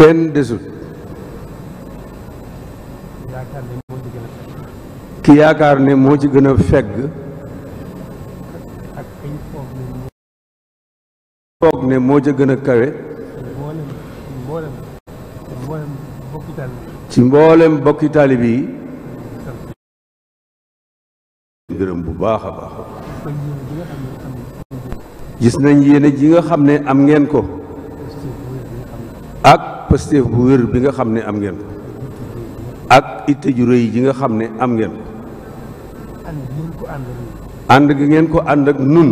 kenn desul ki yaakaar ne moo ci gën a fegg foog moo ci gën a kawe ci mboolem bokki taalib yi gërëm bu baax gis nañ yéene ji nga xam ne am ngeen ko ak pasteef bu wér bi nga xam ne am ngeen ak itte ju rëy ji nga xam ne am ngeen ànd gi ngeen ko ànd ak nun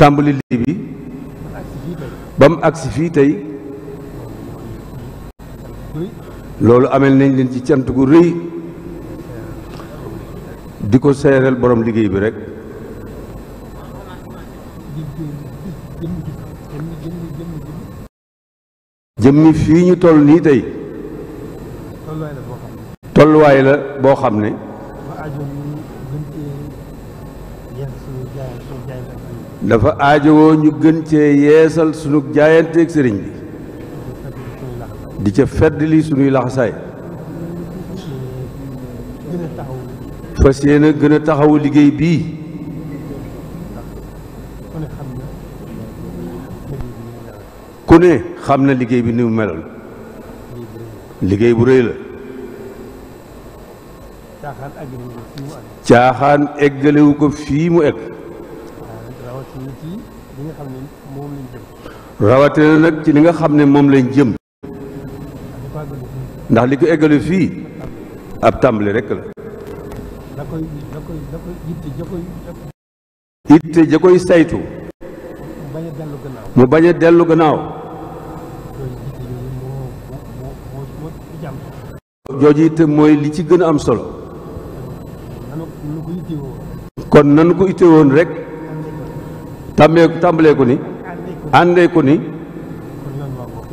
tàmbali lii ba mu agsi fii tey loolu amel nañ leen ci cant gu rëy di ko seereel borom liggéey bi rek jëmmi fii ñu toll nii tey tolluwaay la boo xam ne dafa aajowoo ñu gën cee yeesal sunu jaayanteeg sëriñ bi di ca fedd li sunuy laxasaay fas yéene gën a taxawu liggéey bii ku ne xam na liggéey bi ni mu meloon liggéey bu rëy la caaxaan eggalewu ko fii mu egg rawatina nag ci li nga xam ne moom lañ jëm ndax li ko eggale fii ab tàmbali rekk la itte ja koy saytu mu bañ a dellu gannaaw jooju it mooy li ci gën a am solo kon nanu ko itte woon rek tàmbee tàmbalee ko ni àndee ko ni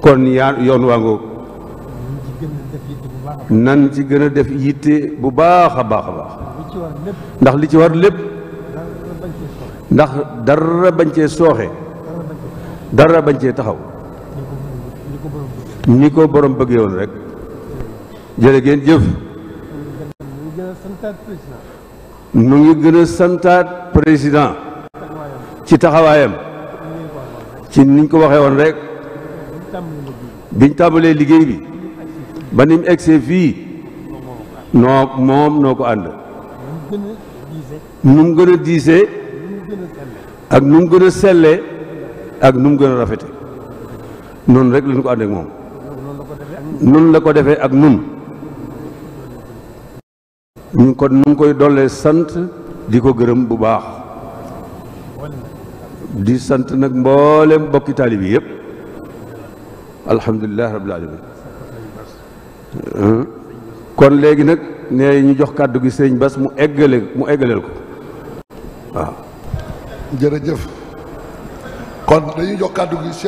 kon yaa yoon waa ngoog nan ci gën a def yitte bu baax a baax a baax ndax li ci war lépp ndax dara bañ cee sooxe dara bañ cee taxaw ni ko boroom bëggee woon rek jërë ngeen jëf mu ngi gën a santaat président ci taxawaayam ci niñ ko waxee woon rek biñ tàmbalee liggéey bi ba ni mu egsee fii noo moom noo ko ànd nu mu gën a diisee ak nu mu gën a sellee ak nu mu gën a rafete noonu rek lu lañ ko ànd ak moom noonu la ko defee ak nun ñu kon nu ngi koy dollee sant di ko gërëm bu baax di sant nag mboolem bokki taalibe yi yëpp alhamdulilah rabbil alamin kon léegi nag nee ñu jox kàddu gi sëñ Bas mu eggale mu eggaleel ko waaw jërëjëf kon dañuy jox kàddu gi Cheikh